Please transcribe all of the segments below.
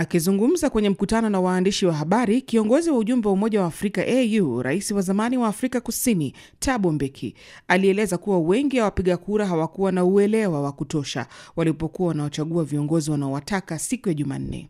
Akizungumza kwenye mkutano na waandishi wa habari, kiongozi wa ujumbe wa Umoja wa Afrika AU, rais wa zamani wa Afrika Kusini Thabo Mbeki alieleza kuwa wengi wa wapiga kura hawakuwa na uelewa wa kutosha walipokuwa wanaochagua viongozi wanaowataka siku ya Jumanne.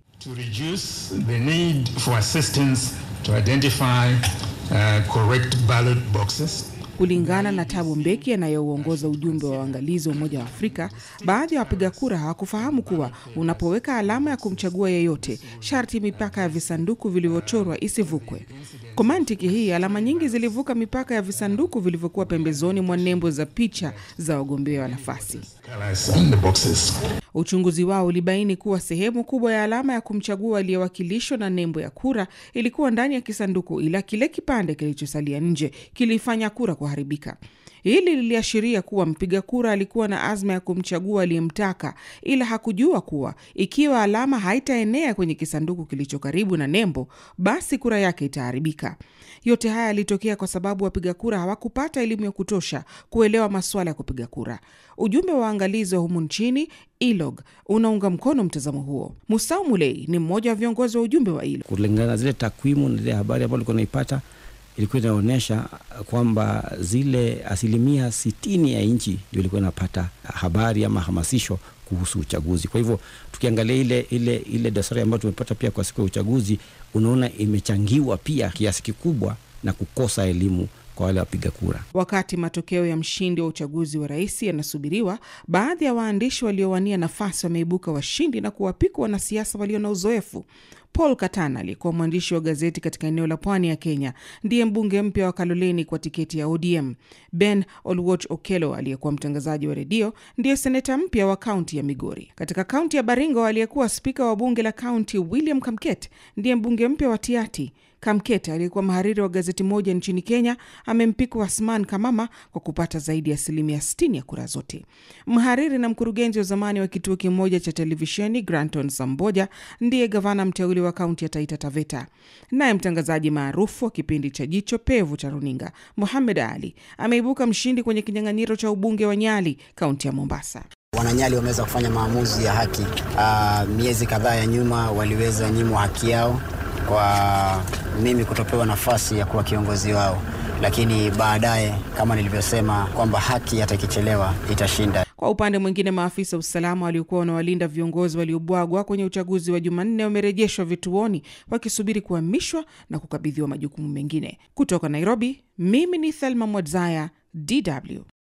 Kulingana na Tabu Mbeki anayeuongoza ujumbe wa uangalizi wa Umoja wa Afrika, baadhi ya wapiga kura hawakufahamu kuwa unapoweka alama ya kumchagua yeyote, sharti mipaka ya visanduku vilivyochorwa isivukwe. Kwa mantiki hii, alama nyingi zilivuka mipaka ya visanduku vilivyokuwa pembezoni mwa nembo za picha za wagombea wa nafasi. Uchunguzi wao ulibaini kuwa sehemu kubwa ya alama ya kumchagua aliyewakilishwa na nembo ya kura ilikuwa ndani ya kisanduku, ila kile kipande kilichosalia nje kilifanya kura kuharibika. Hili liliashiria kuwa mpiga kura alikuwa na azma ya kumchagua aliyemtaka, ila hakujua kuwa ikiwa alama haitaenea kwenye kisanduku kilicho karibu na nembo, basi kura yake itaharibika. Yote haya yalitokea kwa sababu wapiga kura hawakupata elimu ya kutosha kuelewa masuala ya kupiga kura. Ujumbe wa waangalizi wa humu nchini ILOG unaunga mkono mtazamo huo. Musau Mulei ni mmoja wa viongozi wa ujumbe wa ILOG. Kulingana na zile takwimu na zile habari ambayo ulikuwa naipata ilikuwa inaonyesha kwamba zile asilimia sitini ya nchi ndio ilikuwa inapata habari ama hamasisho kuhusu uchaguzi. Kwa hivyo tukiangalia ile, ile, ile dosari ambayo tumepata pia kwa siku ya uchaguzi, unaona imechangiwa pia kiasi kikubwa na kukosa elimu kwa wale wapiga kura. Wakati matokeo ya mshindi wa uchaguzi wa rais yanasubiriwa, baadhi ya waandishi waliowania nafasi wameibuka washindi na kuwapikwa wanasiasa walio na uzoefu. Paul Katana aliyekuwa mwandishi wa gazeti katika eneo la pwani ya Kenya ndiye mbunge mpya wa Kaloleni kwa tiketi ya ODM. Ben olwach Okelo aliyekuwa mtangazaji wa redio ndiye seneta mpya wa kaunti ya Migori. Katika kaunti ya Baringo, aliyekuwa spika wa bunge la kaunti William Kamket ndiye mbunge mpya wa Tiati. Kamkete aliyekuwa mhariri wa gazeti moja nchini Kenya amempiku Asman Kamama kwa kupata zaidi ya asilimia 60 ya kura zote. Mhariri na mkurugenzi wa zamani wa kituo kimoja cha televisheni Granton Samboja ndiye gavana mteuli wa kaunti ya Taita Taveta. Naye mtangazaji maarufu wa kipindi cha Jicho Pevu cha runinga Muhamed Ali ameibuka mshindi kwenye kinyang'anyiro cha ubunge wa Nyali, kaunti ya Mombasa. Wananyali wameweza kufanya maamuzi ya haki. Uh, miezi kadhaa ya nyuma waliweza nyimwa haki yao wa mimi kutopewa nafasi ya kuwa kiongozi wao, lakini baadaye kama nilivyosema kwamba haki hata ikichelewa itashinda. Kwa upande mwingine, maafisa wa usalama waliokuwa wanawalinda viongozi waliobwagwa kwenye uchaguzi wa Jumanne wamerejeshwa vituoni wakisubiri kuhamishwa na kukabidhiwa majukumu mengine. Kutoka Nairobi, mimi ni Thelma Mwadzaya, DW.